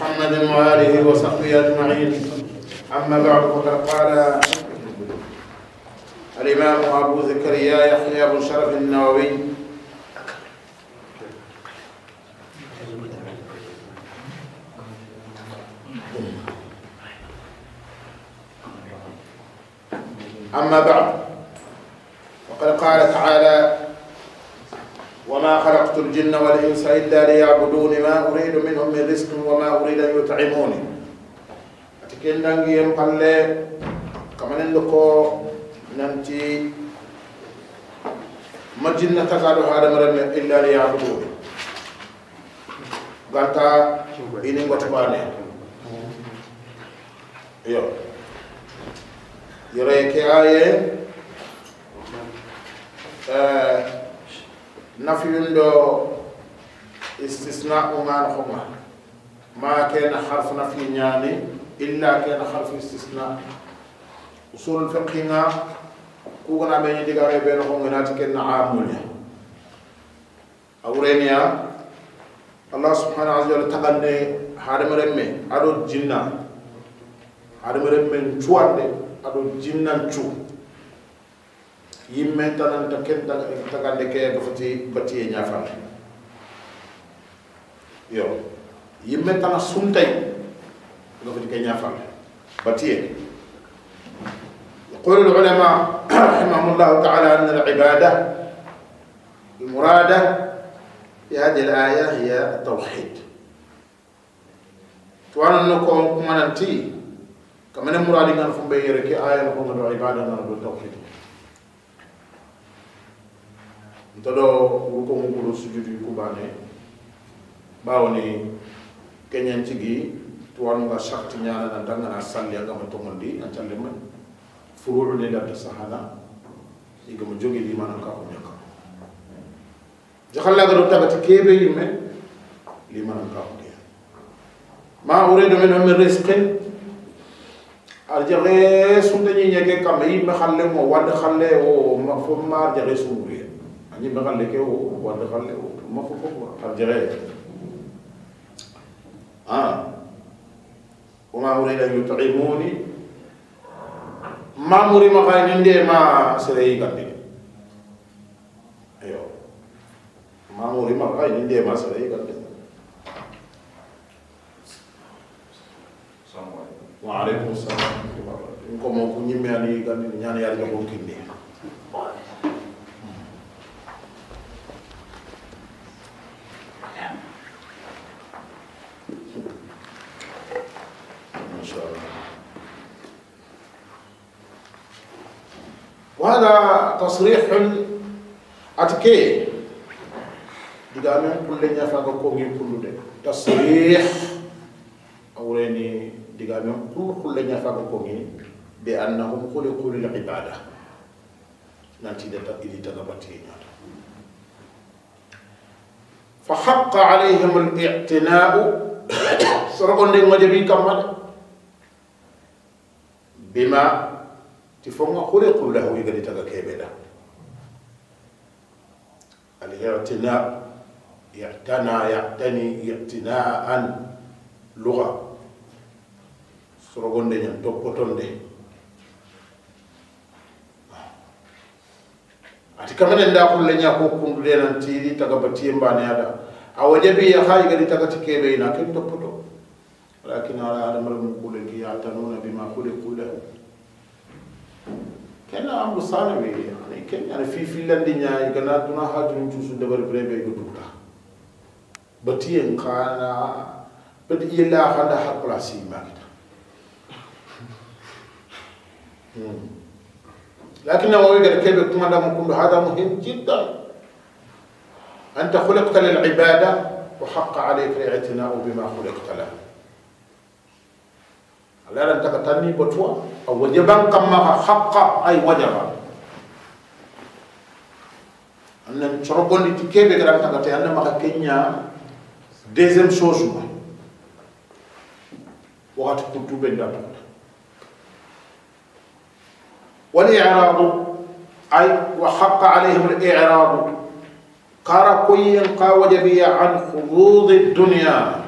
محمد وآله وصحبه أجمعين أما بعد فقد قال الإمام أبو زكريا يحيى ابو شرف النووي أما بعد فقد قال تعالى وما خلقت الجن والإنس إلا ليعبدون ما أريد منهم من رزق وما أريد أن يطعموني أتكلم دنجي يمقل كمان لكو نمتي ما جنة تقالوا هذا مرن إلا ليعبدوني قالتا إني وتباني يو يريك آية آه نفي دو استثناء ما نخما ما كان حرف نفي يعني إلا كان حرف استثناء أصول الفقه كوغنا بين ديغاري بين خونغنا تكن عامل أورينيا الله سبحانه وتعالى تغني حرم رمي أدو جنة حرم رمي نشوان أدو جنة نشوان yimme tanan ta ken ta ta kan de ke ko fati bati e nyafal yo yimme tan sun tay ko fati ke nyafal bati e yaqulu al ulama rahimahu allah ta'ala an al ibada al murada fi hadhihi al aya hiya al tawhid to an nako kuma nan ti muradi ngal fumbe yere ke aya ko ngal ibada ngal al tawhid ntodo ruko mugulo sujudu kubane baoni kenyan tigi tuwanu ga shakti nyana na danga na salli ga mutundi an challe man furu ne da sahana iga mu jogi di manan ka kunya ka jakhalla ga rutta bati kebe yimme li manan ka kunya ma uridu minhum min rizqin arjare sunde nyi nyege kam ma khalle mo wad khalle o ma fo mar jare sunuri ani bakalleke wo wadde kalle wo mafo fofo arjere a wama urida an yutimuni mamurima kayni nde ma sereyi gande ayo ma kayni nde ma sereyi gande wa alaikum salam ko mo ko nyimme ani gande nyane yalla ko kinde وهذا تصريح أتكي دعامين كل نفع كومي كل ده تصريح أوريني دعامين كل كل نفع كومي بأنهم كل كل العبادة نتيجة إلى تنبتين فحق عليهم الاعتناء سرقون دين وجبين كمال بما ifonga kure kubla huyu ganitaka kebela al-i'tina i'tana ya'tani i'tina'an luga sorogonde nyam toppotonde ati kamene ndakulle ñako kundude nan tiiri taga batiye mbane ada awa jabi ya hayi gadi taga ti kebe ina ken toppoto walakin ala adamala mum kulenki yatanuna bima kulikula kena ambu sana be ani kenya ne fi fi landi nyaay gana duna hajun ci su debar brebe go dutta bati en kana bati illa hada hakla si makita لكن هو يقدر كيف يكون هذا ممكن هذا مهم جدا أنت خلقت للعبادة وحق عليك الاعتناء بما خلقت له على أن تكتني بتوا أو وجبا كما حقا أي وجبا أن نشربون لتكيب كلام تكتني أن ما كينيا deuxième chose ma wakati kuntube ndatunda waliradu ay wa haqa alayhim aliradu kara koyen ka wajabiya an hudud dunya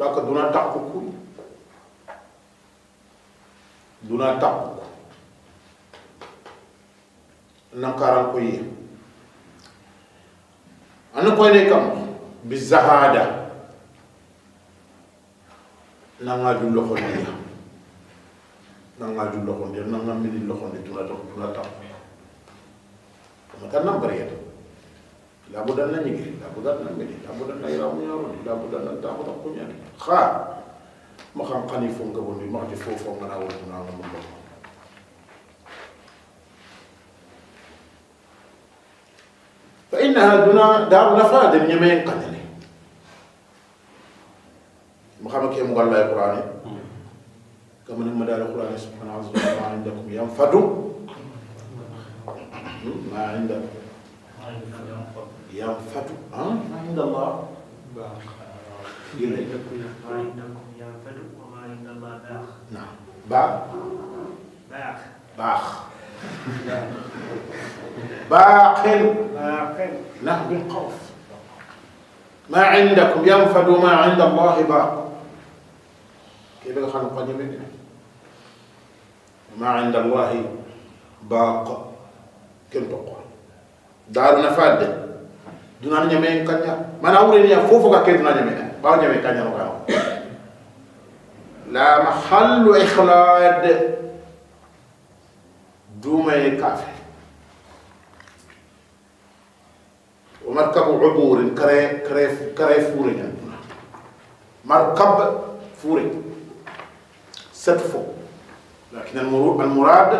baka duna takku duna taw nankaran ko yi an ko ne kam bi zahada nga du lo na nga du lo na nga mini lo xoni duna taw duna taw maka nam bari yata labudan na ñigi labudan na mini labudan na yamu yamu labudan na ko ko ni kha مقام قني فون قبل ما أجي فو فون أنا أول من أول من بعده فإنها دنا دار نفاد من يمين قدني مقام كي مقال لا القرآن كمن المدار القرآن سبحانه وتعالى ما عندكم ينفد ما عندكم ينفد ينفد ما عند الله ما عندكم ينفد وما عند الله باق نعم باق باق باق له بالقوف ما عندكم ينفد وما عند الله باق كيف يخلق قديم ما عند الله باق كم تقول دار نفاد دون أن يمين كنيا ما نقول إن فوفك كيف نجمين ɓaw ñawe kañano kaw la mahallu ihlad duumaye kafe wa markabu uburin kare kare kare fure ñanduna markab fure set fo lakin almurad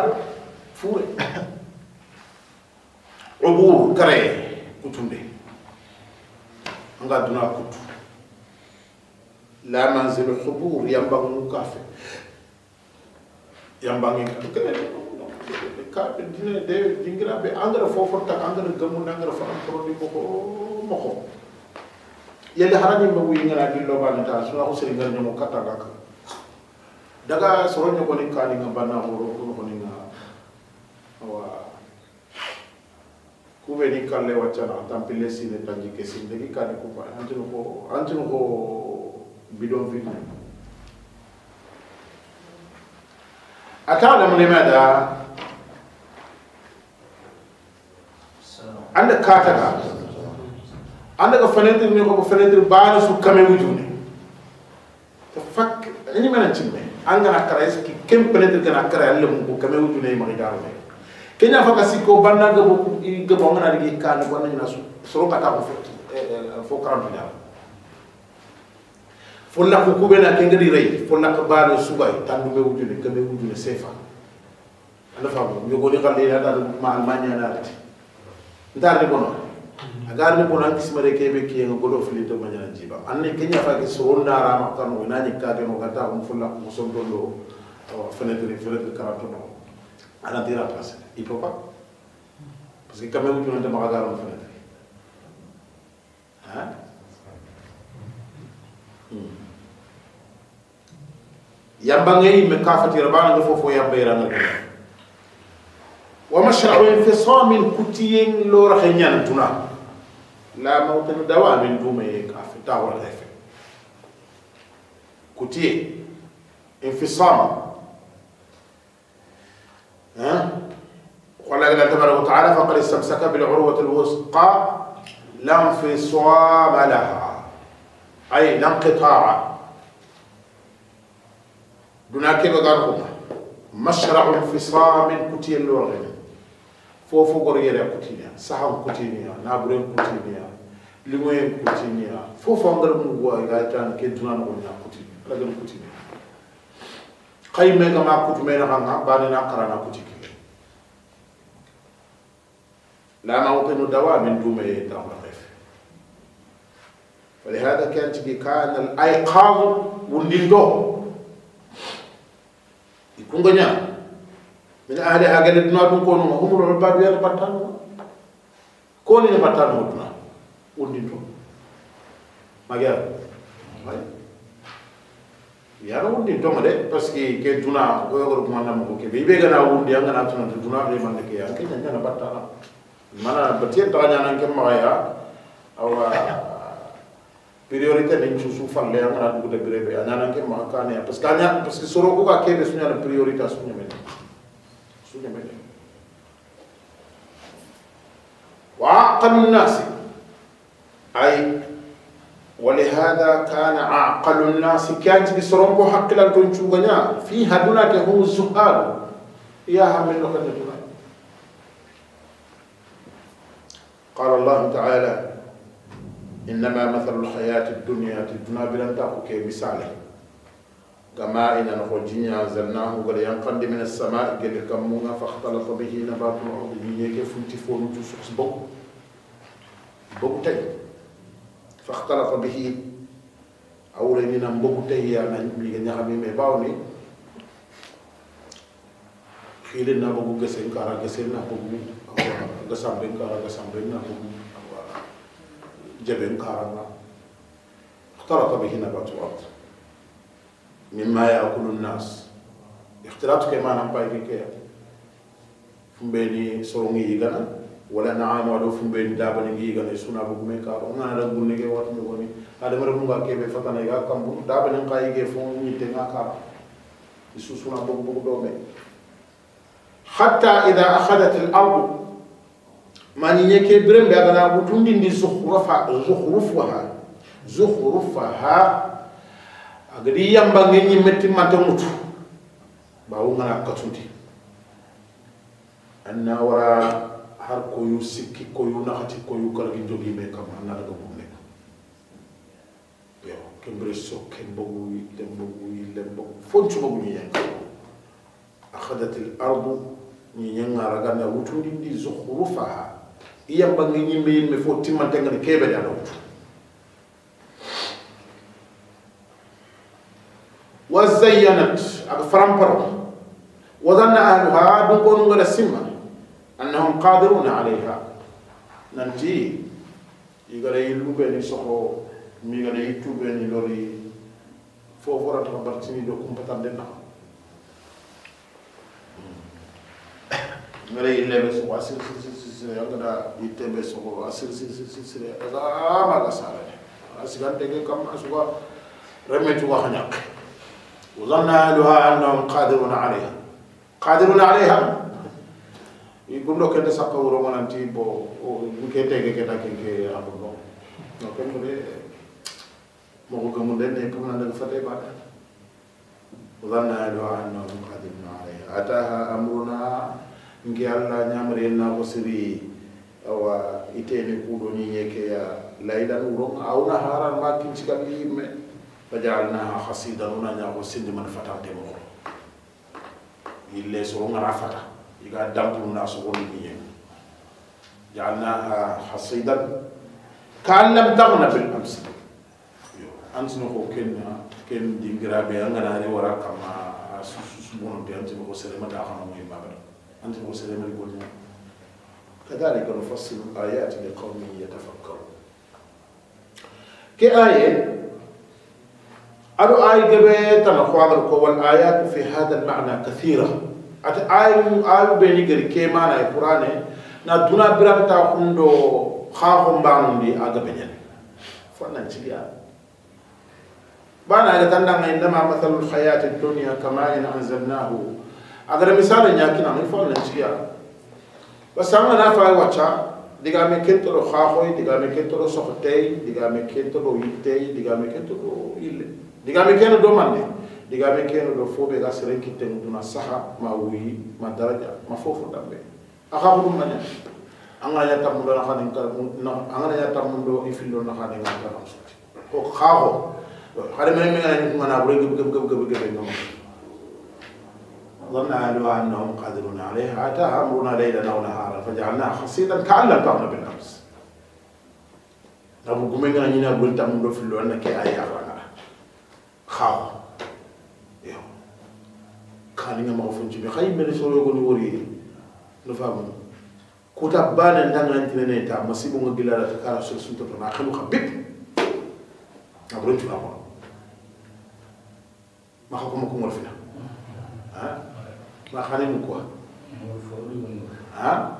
fure ubur kare kutunde anga duna kutu la manzil khubur bangun mukafe yang bangun ko kafe ka dina de dingira be angra fofo tak angra gamu nangra fa di ko moko yalla e harani e ma wi ngara di lo ban ta suna ko seri ngar nyomo kata gak daga soro nyoko ni kali ngabana horo ko ko ni nga wa kube ni kalle wacana tampile sine tanji kesinde ki kali ko ba antino ko antino ko bidonville أتعلم لماذا؟ عندك كاتبة عندك فنادر نيكو فنادر بارا سو كامي وجوني تفك اني ما نتشمي عندنا كرايس كي كم فنادر كنا كراي اللي مو كامي وجوني ما يدارو كنا فكا سيكو بانا غبو غبو غنا دي كان كنا نسو سرو كاتا فو فو كرام دارو fonna ko kubena ke ngari rey fonna ko baano subay tandu be wujune ke be wujune sefa ala famo yo goli xal ya da ma almanya na ati ndar de bono agar de bono kis mare ke be ke ngo do fili to manya jiba anne kenya fa ke so na ra ma kan wona ni ka de mo gata um fulla ko so do do fenêtre fenêtre karato no ala dira passe il peut pas parce que quand même tu n'as pas regardé fenêtre hein Hmm. يبان يم كافة ربان دفوف ويبان يران ومشروع انفصام كتين لور خنيان تنا لا موتن دواء من دوم كافة تاور الهفة كتين انفصام ها قال الله تبارك وتعالى فقد استمسك بالعروة الوثقى لا انفصام لها أي لا انقطاع دونا كيف غارقوما مشرع الفصام كوتي اللورغين فوفو غوريرا كوتينيا ساهم كوتينيا نابرين كوتينيا لموين كوتينيا فوفو غير مو غا كان كي دونا نغونيا كوتينيا لاغن كوتينيا خاي ميغا ما كوت مينا خانا بارينا قرانا كوتي كي لا نوطن دواء من دومي تاور خيف فلهذا كانت بكان الايقاظ والنيل ngonya min ahli ha gade duna dum ko no humro ba biya pattan ko ni pattan mo duna undi to magyar yaro undi to made parce que ke duna ko yoro ko manna mo ke be be gana undi anga na tuna duna be man ke ya ke nyana pattan mana batien tanya nan ke ma ya awa priorité ni susu fan le an kana dugu de brebe an nan ke ma kane parce que anya parce que soro ko ka ke de sunya priorité sunya men sunya men wa aqal nas ay ولهذا كان عاقل الناس كان تجي سرون بو حق لا تنشو غنيا في هدونا هو الزهاد يا هم لو قال الله تعالى إنما مثل الحياة الدنيا تدنا بلا تاكو كي مثاله كما إن نخجيني أنزلناه قد ينقند من السماء قد كمونا فاختلط به نبات الأرض ليك فنتفون تسوس بو بوتي فاختلط به أولا من بوتي يا من يغني عمي مباوني خيلنا بوكسين كارا كسين نبوكسين نبوكسين نبوكسين نبوكسين نبوكسين نبوكسين نبوكسين نبوكسين نبوكسين نبوكسين نبوكسين نبوكسين نبوكسين نبوكسين نبوكسين نبوكسين نبوكسين نبوكسين نبوكسين جبن كارنا اختلط به نبات الأرض مما يأكل الناس اختلاط كما كي كيا بين سروني يغانا ولا نعام ولو بين دابن يغانا سونا بغمي كارو انا رغبوني كي وات نغوني هذا مره مرغم كي بفتنا يغا كم دابن قاي كي فون نيتنا كارو يسوسونا بغبغ دومي حتى إذا أخذت الأرض mani yake birin da gana gudun din zukhrufa zukhrufaha zukhrufaha agadi yamba ngi metti mata mutu bawu ngana katunti anna wara har koyu sikki koyu naxati koyu kalgi jogi me kam anna daga bu nek yo kembre so kembogu lembogu lembogu fonchu bogu ni yanka akhadat al ardu ni nyanga ragana wutundindi zukhrufaha iyamba ngi ñimbe yimbe fo timmante ngani keɓeɗe aɗa wutu wa zayyanat aga faramparo wa zanna ahluha ɗum ko nu ngaɗa simma annahum qadiruna alayha nanti igaɗa yilluɓeni soho migaɗa yittuɓeni lori foforata bartini ɗo kumpatan den naha ngaɗa yilleɓe soho a sir sir sir sire yang ada di tembe soko a sire sire sire sire sire a zama ga sare a sire an tege kam a suwa reme tuwa hanyak wa zanna aluha anna un qadiru na alaiha qadiru na alaiha i gundo kende sakka uro mo nanti bo buke tege keda kenke a bo no kende re mo go gamu den ne kamu nanda gafate ba ne wa zanna aluha anna un qadiru na alaiha ataha amruna ngi alla ñamre na ko siri awa itene kudo ni ñiñe ya laydan wuron awna haran ma kin ci kincikal yimme fa jaalnaha hasidan wona ko sindi man fatante moxo yille soro ngara fata iga dampuluna ni ñiñe jalna hasidan kan lam tagna bil amsi antino ko ken ken dingiraɓe ngana re wara kama su su a sususumononte antino ko sele seremata xana moyim عند المسلمين البنيان كذلك نفصل الآيات لقوم يتفكرون كآية أرو آية جبت جبه تمقوام والآيات في هذا المعنى كثيرة أت آية آية بيني غير كيمانا القرآن نا دونا برام تاخندو خاهم بانوندي أجبنين فانا بنا آية. بانا لتندم عندما مثل الحياة الدنيا كما إن أنزلناه adara misali ñaki nami fo nen siya parce que angana fay wacca digame kentoro xaaxoy digame kentoro soxtey digame kentoro yittey digame kentoro ille me keno do manne digame keno do fo ɓe ga seren kitten duna saha ma wi ma daraja ma fofo dambe axa xuɗum naña angana ña tammundo naxane angana ña tammundo i fillo naxane ngatana suti o xaaxo xade mene mengana ñi kumana ɓure gebe gebe ظن أهلها أنهم قادرون عليها أتاها أمرنا ليلا أو نهارا فجعلناها خصيدا كأن لم تغن بالأمس نبو قمنا نينا قلت أمرو في اللون أنك أي أغرنا خاو يو كان نينا مغفن جميع خيب من سوري يقول وري نفهم كتاب بانا ندان أنت نيتا مسيبو مغيلا لتكارا سلسلت بنا خلو خبيب أبرنتو نقول ما خاكم مكم والفنا ها makarimu quoi ha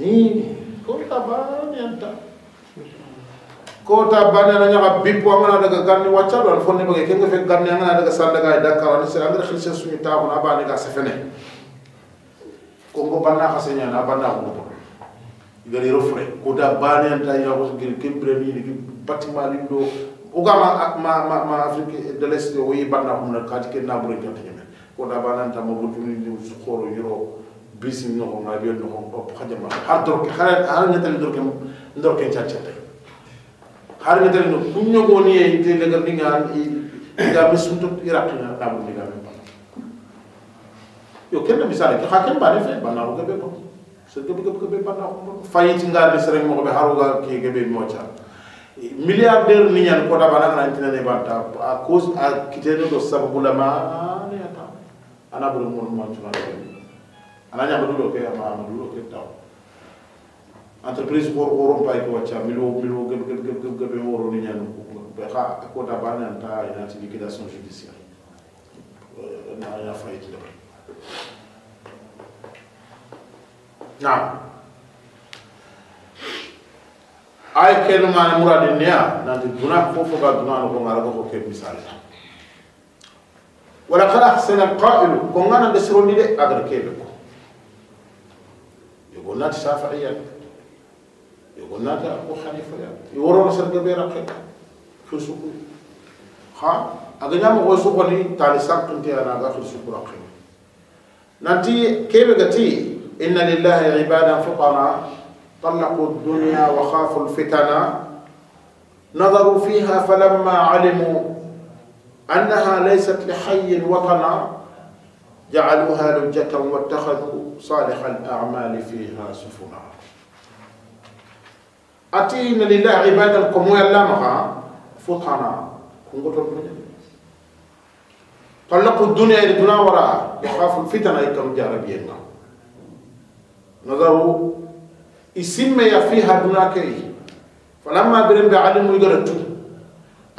ini kota bana yanta kota bana na nyaka bipu angana daga ganni wachalo al fonni bage kenga fe ganni angana daga sandaga da karani se angara khilse sumi ta ko abani ga sefene kongo banna khasenya na banna ko igari rofre kota bana yanta ya ko gir kembre ni ni batima lindo uga ma ma ma afrique de l'est o yi banna ko na kati ken na buri ko dabana ta mo butu ni ni su k o r o y o r o bisim no ko ngabe no ko ko khajama har dor ke har har ne tan dor ke d o ke chacha har ne tan no kunyo go ni e te le gar i n g a i ga bisum to iraq na ta bu dinga yo kenn misale ke h a k e n ba defe bana ko be ko se ke ke ke be bana ko fayi ci ngar be sereng mo be haru ga ke ke be mo cha milliardaire ni ñan ko dabana na tinane b a t a a cause a kitene do sababu la ma ana bolo mo ma tuma do ana nya bolo ke ma ma do ke taw entreprise bor woron pay ko wacha milo milo gab gab gab gab gab woro ni nyano ko be kha ko ta bana ta ina ti liquidation judiciaire eh, na ya fayit do na ay kenu ma muradi niya nanti duna fofo ga duna no ko ngara ko ke misali ولقد أحسن القائل أنا بسرني لي أقدر كيبكو يقول نات شافعية يعني. يقول نات أبو حنيفة يعني. يورو رسل بيرا كيبكو في سكو ها أغنى مغو سوكو لي تالي ساقن تي أنا أغا في سوكو رقيم نانتي قتي إن لله عبادا فقراء طلقوا الدنيا وخافوا الفتنة نظروا فيها فلما علموا أنها ليست لحي وطنا جعلوها لجة واتخذوا صالح الأعمال فيها سفنا أتينا لله عباد القمو اللامغة فطنا طلقوا الدنيا دنا وراء يخافوا الفتنة يكم جاربينا نظروا اسم فيها دناكي فلما برم بعلم يقرأتوا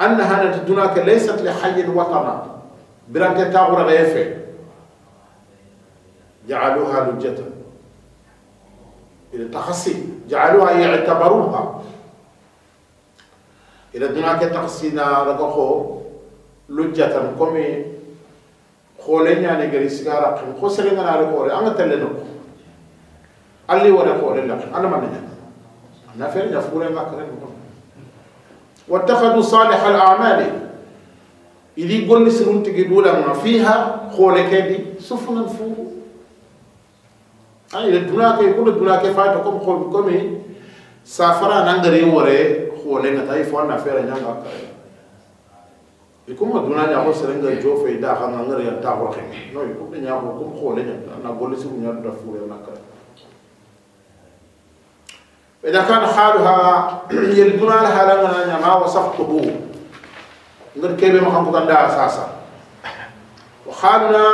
أن هذا الدنيا ليست لحي وطنا برانك تاغر غيفه جعلوها لجة إلى تخصي جعلوها يعتبروها إلى دنيا كتخصينا رقخو لجة كمي خولين يعني غري سيارة قم خسرين أنا رقوري أنا تلنوك اللي ورقوري لك أنا ما نجد أنا فعلا يفقوري ما كرين مطلق واتخذوا صالح الأعمال إذي قلني سنون تجدوا لما فيها خول دي سفن فوق أي الدنيا كي كل الدنيا كي فاتكم خول سافر أنا نعدري وراء خولنا تاي فوانا فيرا نعاك يكون الدنيا نعو سرنا جو في دا خان نعدري ينتهوا كمي نو نعم، يكون نعو كم خولنا أنا قلني سنون يعدوا فوق نعاك فإذا كان حالها يلبنا لها لنا نما وصفته من كيف ما كان قدام أساسا وحالنا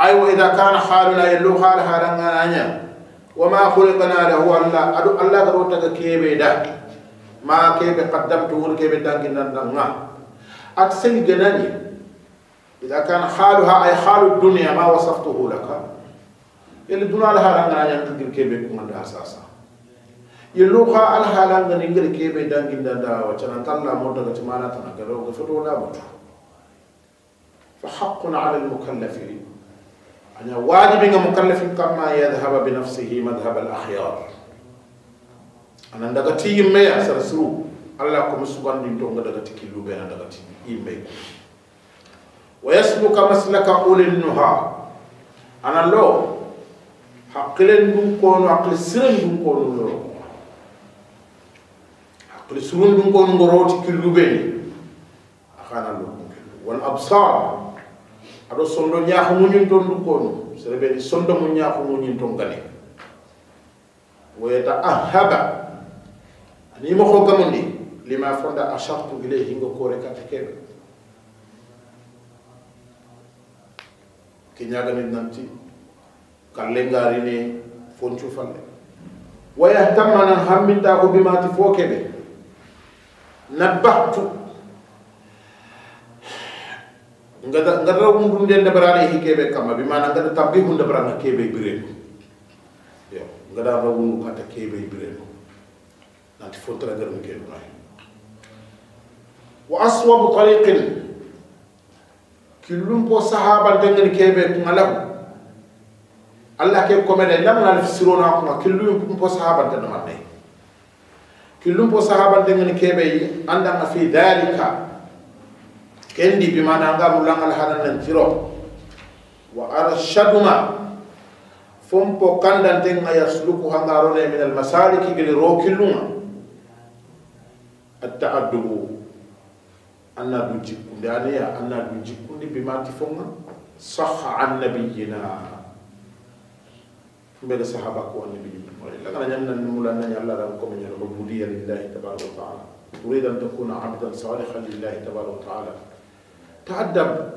أيوة وإذا كان حالنا يلو حالها لنا نما وما خلقنا له ألا أدو الله تقول كيف ده ما كيف قدمت قدمته كيف دانكنا دانا أتسن جناني إذا كان حالها أي حال الدنيا ما وصفته لك يلبنا لها لنا نما من كيف كمان أساسا yillu ka alhala ngani ngir kebe dangin da da wace nan talla mota ga tumana ta ga ro ga fito la mutu fa haqqun ala al mukallafin ana wajibi ga mukallafin kama ya dhahaba bi nafsihi madhhab al ahyar anan daga ti yimme ya sarsu Allah kuma subhanahu to ga daga ti killu be daga ti yimme wa yasluka maslaka ulil nuha anan lo haqilen dun kono haqil sirin dun kono lo kono surundum kon ngo rowti killuɓe ni a kana lokko kelu wal absar aɗo sondo ñaaha muñin ton ndu konu sereɓeni sondo mu ñaaha muñin ton gane woyata ahaba anima ho gamu ndi lima fonda achartu gile hingo kore kate keɗo ke ñagani nanti kalle ngarine foncu falle waya tammana hamminta ko bimati fo keɓe نبهت ngada ngada wundum den de barane hi kebe kama bi mana ngada tabbi hunde barana kebe birenu yo ngada ba wunu kata kebe birenu nanti fotra ngada mi kebe mai wa aswabu tariqin kilum po sahaba dengen kebe ngala Allah ke komene lam na fisirona ko kilum po sahaba den man dai كلهم بو صحابة دنجن كيبي عندنا في ذلك كندي بما نانغا مولانا لحنا ننفرو وارشدنا فمبو كندن دنجن يسلوكو هنغارون من المسالك يقول رو كلهم التعدو أنا دو جيكو دانيا أنا دو جيكو دي بما تفونا صح عن نبينا بلا صحابة كوان نبي لكن أنا جنة نملا نجى الله لهم كم جنة عبودية لله تبارك وتعالى تريد أن تكون عبدا صالحا لله تبارك وتعالى تأدب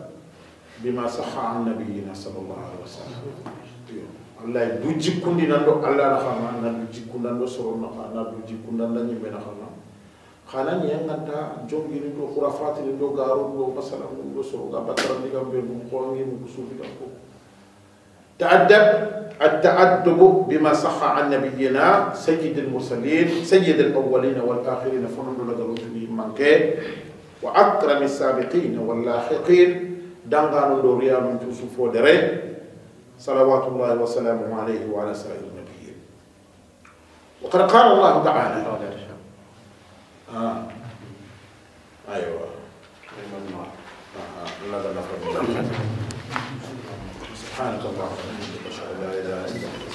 بما صح عن نبينا صلى الله عليه وسلم الله يدوج كل نندو الله رحمة الله يدوج كل نندو سرور نفع الله يدوج كل نندو نجيب نخلنا خلنا نيجي نتا جو جيني دو خرافات اللي دو غارو دو مثلا دو سرور دو بطرني كم بيرمون قوانين مكسوفين كم تأدب التأدب بما صح عن نبينا سيد المرسلين سيد الأولين والآخرين فنون من كان وأكرم السابقين واللاحقين دنغان دوريا من توسفو دري صلوات الله وسلامه عليه وعلى سائر النبيين وقد قال الله تعالى آه. أيوه سبحانك اللهم وبحمدك اشهد ان لا اله الا انت